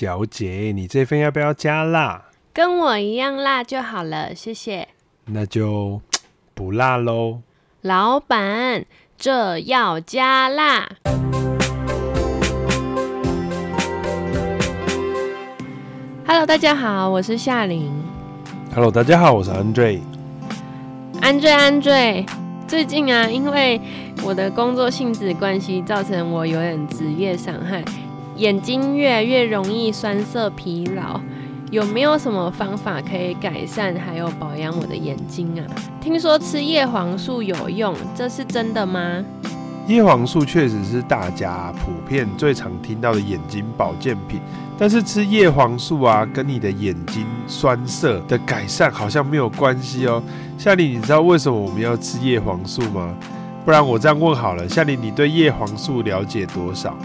小姐，你這份要不要加辣？跟我一樣辣就好了，謝謝。那就不辣嘍。老闆，這要加辣。Hello，大家好，我是夏玲。Hello，大家好，我是 Andre。Andre，Andre，最近啊，因為我的工作性質關係，造成我有點職業傷害。眼睛越來越容易痠澀疲勞，有沒有什麼方法可以改善還有保養我的眼睛啊？聽說吃葉黃素有用，這是真的嗎？葉黃素確實是大家普遍最常聽到的眼睛保健品，但是吃葉黃素啊，跟你的眼睛痠澀的改善好像沒有關係哦。夏玲，你知道為什麼我們要吃葉黃素嗎？不然我這樣問好了，夏玲，你對葉黃素了解多少？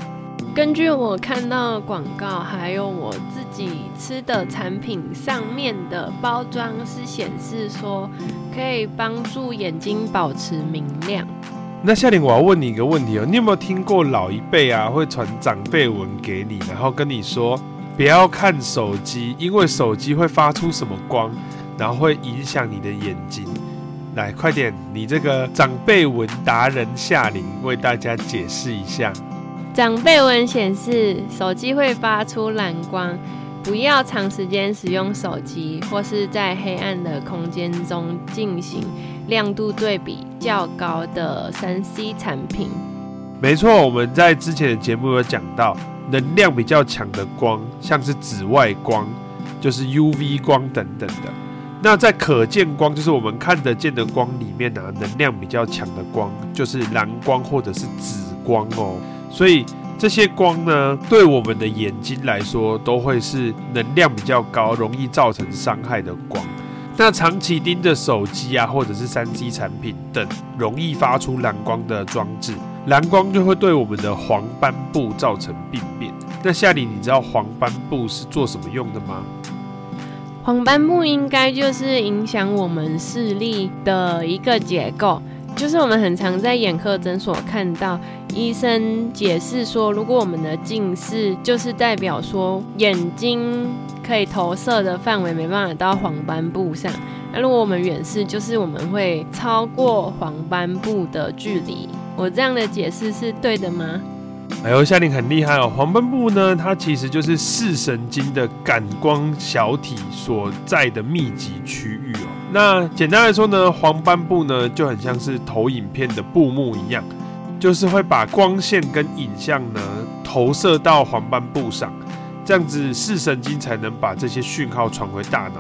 根據我看到的廣告，還有我自己吃的產品上面的包裝是顯示說可以幫助眼睛保持明亮。那夏玲，我要問你一個問題哦，你有沒有聽過老一輩啊會傳長輩文給你，然後跟你說不要看手機，因為手機會發出什麼光，然後會影響你的眼睛？來，快點，你這個長輩文達人夏玲為大家解釋一下。長輩文顯示，手機會發出藍光，不要長時間使用手機，或是在黑暗的空間中進行亮度對比較高的三 C 產品。沒錯，我們在之前的節目有講到，能量比較強的光，像是紫外光，就是 UV 光等等的。那在可見光，就是我們看得見的光裡面呢、啊，能量比較強的光就是藍光或者是紫光哦。所以這些光呢，對我們的眼睛來說，都會是能量比較高、容易造成傷害的光。那長期盯着手機啊，或者是三 C 產品等容易發出藍光的裝置，藍光就會對我們的黃斑部造成病變。那夏玲，你知道黃斑部是做什麼用的嗎？黃斑部應該就是影響我們視力的一個結構，就是我們很常在眼科診所看到。醫生解釋說，如果我們的近視就是代表說眼睛可以投射的範圍沒辦法到黃斑部上，那如果我們遠視就是我們會超過黃斑部的距離。我這樣的解釋是對的嗎？哎呦，夏玲很厲害哦！黃斑部呢，它其實就是視神經的感光小體所在的密集區域哦。那簡單來說呢，黃斑部呢就很像是投影片的布幕一樣。就是會把光線跟影像呢投射到黃斑部上，這樣子視神經才能把這些訊號傳回大腦，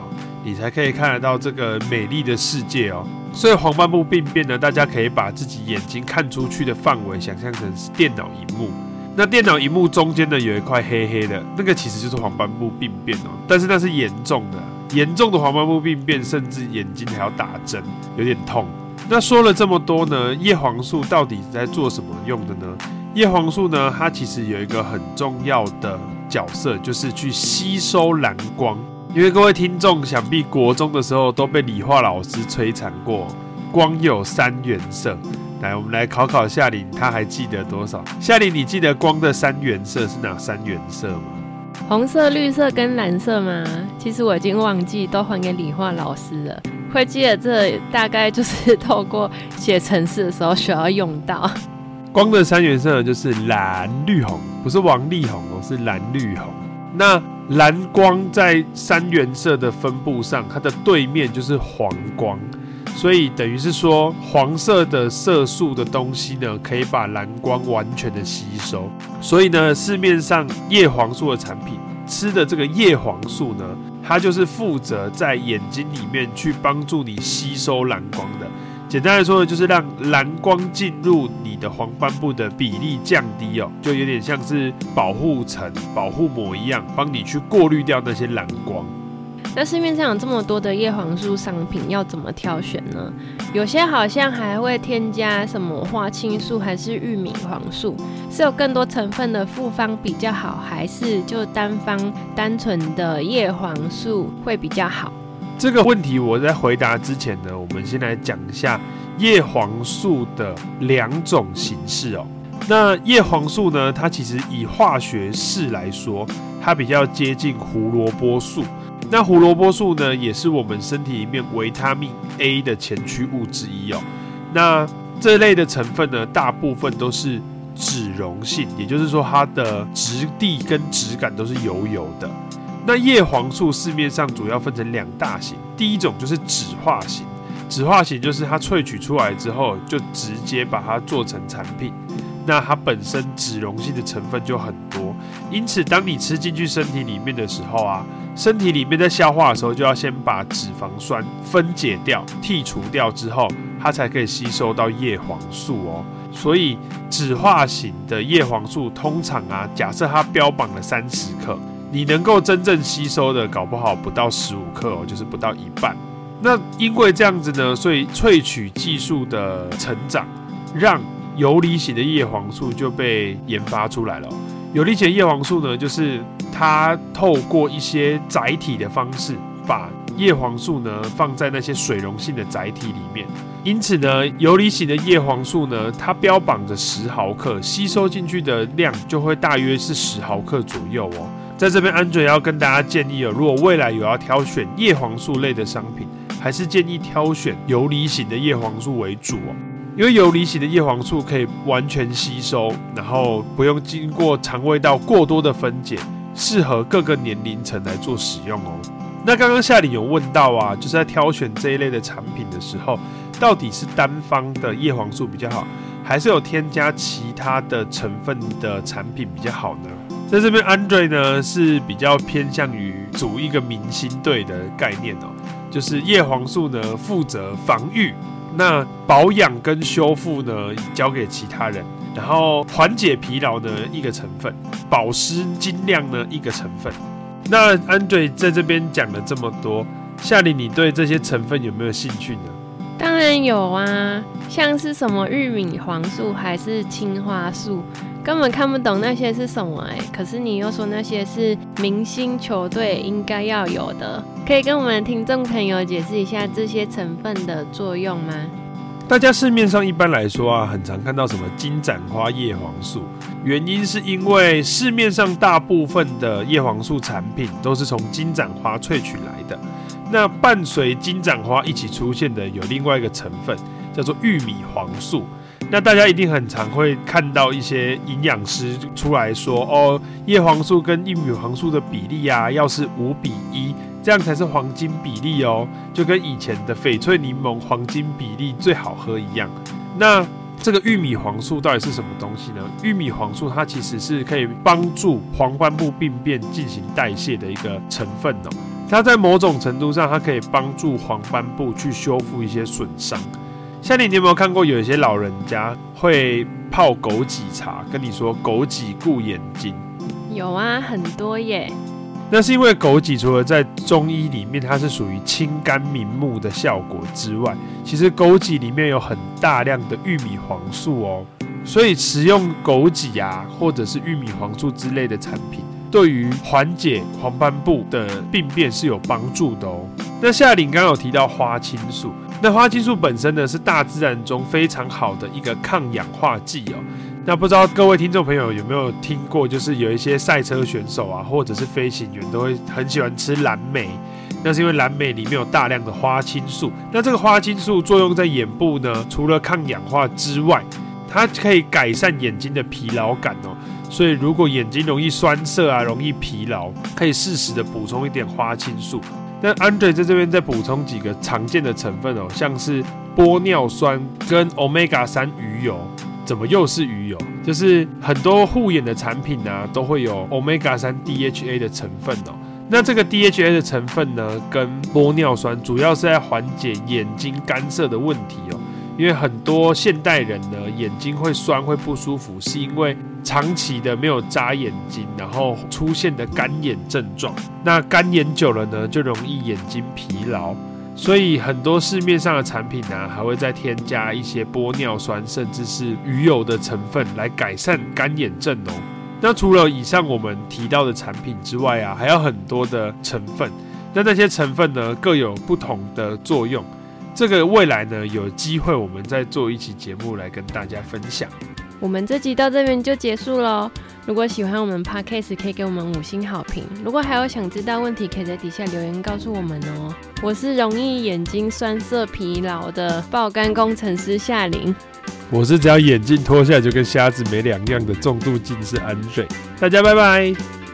你才可以看得到這個美麗的世界哦。所以黃斑部病變呢，大家可以把自己眼睛看出去的範圍想象成是電腦熒幕。那電腦熒幕中間呢，有一塊黑黑的，那個其實就是黃斑部病變哦，但是那是嚴重的。嚴重的黃斑部病變，甚至眼睛還要打針，有點痛。那說了這麼多呢，葉黃素到底是在做什麼用的呢？葉黃素呢，它其實有一個很重要的角色，就是去吸收藍光。因為各位聽眾想必國中的時候都被理化老師摧殘過，光有三原色。來，我們來考考夏玲，他還記得多少？夏玲，你記得光的三原色是哪三原色嗎？紅色、綠色跟藍色嗎？其實我已經忘記，都還給理化老師了。會記得這大概就是透過寫程式的時候需要用到。光的三原色就是藍、綠、紅，不是王力宏，是藍、綠、紅。那藍光在三原色的分布上，它的對面就是黃光。所以等於是說，黃色的色素的東西呢，可以把藍光完全的吸收。所以呢，市面上葉黃素的產品吃的這個葉黃素呢，它就是負責在眼睛裡面去幫助你吸收藍光的。簡單來說呢，就是讓藍光進入你的黃斑部的比例降低哦，就有點像是保護層、保護膜一樣，幫你去過濾掉那些藍光。那市面上有這麼多的葉黃素商品，要怎麼挑選呢？有些好像還會添加什麼花青素還是玉米黃素，是有更多成分的複方比較好，還是就單方單純的葉黃素會比較好？這個問題我在回答之前呢，我們先來講一下葉黃素的兩種形式哦。那葉黃素呢，它其實以化學式來說，它比較接近胡蘿蔔素。那胡蘿蔔素呢，也是我們身體裡面維他命 A 的前驅物之一哦、喔。那這類的成分呢，大部分都是脂溶性，也就是說它的質地跟質感都是油油的。那葉黃素市面上主要分成兩大型，第一種就是酯化型，酯化型就是它萃取出來之後就直接把它做成產品。那它本身脂溶性的成分就很多，因此當你吃進去身體裡面的時候啊，身體裡面在消化的時候就要先把脂肪酸分解掉、剔除掉之後，它才可以吸收到葉黃素哦。所以酯化型的葉黃素通常啊，假設它標榜了三十克，你能夠真正吸收的搞不好不到十五克哦，就是不到一半。那因為這樣子呢，所以萃取技術的成長讓游離型的葉黃素就被研發出來了喔。游離型葉黃素呢，就是它透過一些載體的方式，把葉黃素呢放在那些水溶性的載體裡面。因此呢，游離型的葉黃素呢，它標榜着十毫克，吸收進去的量就會大約是十毫克左右喔。在這邊，Andre 要跟大家建議了喔，如果未來有要挑選葉黃素類的商品，還是建議挑選游離型的葉黃素為主喔。因為游離型的葉黃素可以完全吸收，然後不用經過腸胃道過多的分解，適合各個年齡層來做使用哦。那剛剛夏玲有問到啊，就是在挑選這一類的產品的時候，到底是單方的葉黃素比較好，還是有添加其他的成分的產品比較好呢？在這邊，Andre 呢是比較偏向於組一個明星隊的概念哦，就是葉黃素呢負責防禦。那保養跟修復呢，交給其他人；然後緩解疲勞呢，一個成分；保濕精量呢，一個成分。那 Andre 在這邊講了這麼多，夏玲，你對這些成分有沒有興趣呢？當然有啊，像是什麼玉米黃素還是青花素。根本看不懂那些是什麼哎、欸，可是你又說那些是明星球隊應該要有的，可以跟我們聽眾朋友解釋一下這些成分的作用嗎？大家市面上一般來說啊，很常看到什麼金盞花葉黃素。原因是因為市面上大部分的葉黃素產品都是從金盞花萃取來的。那伴隨金盞花一起出現的有另外一個成分，叫做玉米黃素。那大家一定很常會看到一些營養師出來說：“哦，葉黃素跟玉米黃素的比例呀、啊，要是五比一，這樣才是黃金比例哦。”就跟以前的翡翠檸檬黃金比例最好喝一樣。那這個玉米黃素到底是什麼東西呢？玉米黃素它其實是可以幫助黃斑部病變進行代謝的一個成分哦。它在某種程度上，它可以幫助黃斑部去修復一些損傷。夏玲，你有沒有看過有一些老人家會泡枸杞茶？跟你說枸杞顧眼睛。有啊，很多耶。那是因為枸杞除了在中醫裡面它是屬於清肝明目的效果之外，其實枸杞裡面有很大量的玉米黃素哦，所以食用枸杞啊，或者是玉米黃素之類的產品，對於緩解黃斑部的病變是有幫助的哦。那夏玲剛剛有提到花青素。那花青素本身呢，是大自然中非常好的一個抗氧化劑哦。那不知道各位聽眾朋友有沒有聽過，就是有一些賽車選手啊，或者是飛行員都會很喜歡吃藍莓，那是因為藍莓裡面有大量的花青素。那這個花青素作用在眼部呢，除了抗氧化之外，它可以改善眼睛的疲勞感哦。所以如果眼睛容易酸澀啊，容易疲勞，可以適時的補充一點花青素。那 Andre 在這邊再補充幾個常見的成分哦，像是玻尿酸跟 Omega 三魚油，怎麼又是魚油？就是很多護眼的產品啊都會有 Omega 三 DHA 的成分哦。那這個 DHA 的成分呢，跟玻尿酸主要是在緩解眼睛乾澀的問題哦。因為很多現代人呢，眼睛會酸、會不舒服，是因為長期的沒有眨眼睛，然後出現的乾眼症狀。那乾眼久了呢，就容易眼睛疲勞。所以很多市面上的產品呢、啊，還會再添加一些玻尿酸，甚至是魚油的成分來改善乾眼症哦，那除了以上我們提到的產品之外啊，還有很多的成分。那這些成分呢，各有不同的作用。這個未來呢，有機會我們再做一期節目來跟大家分享。我們這集到這邊就結束嘍。如果喜歡我們 podcast，可以給我們五星好評。如果還有想知道問題，可以在底下留言告訴我們哦。我是容易眼睛酸澀疲勞的爆肝工程師夏玲。我是只要眼鏡脫下就跟瞎子沒兩樣的重度近視 Andre。大家拜拜。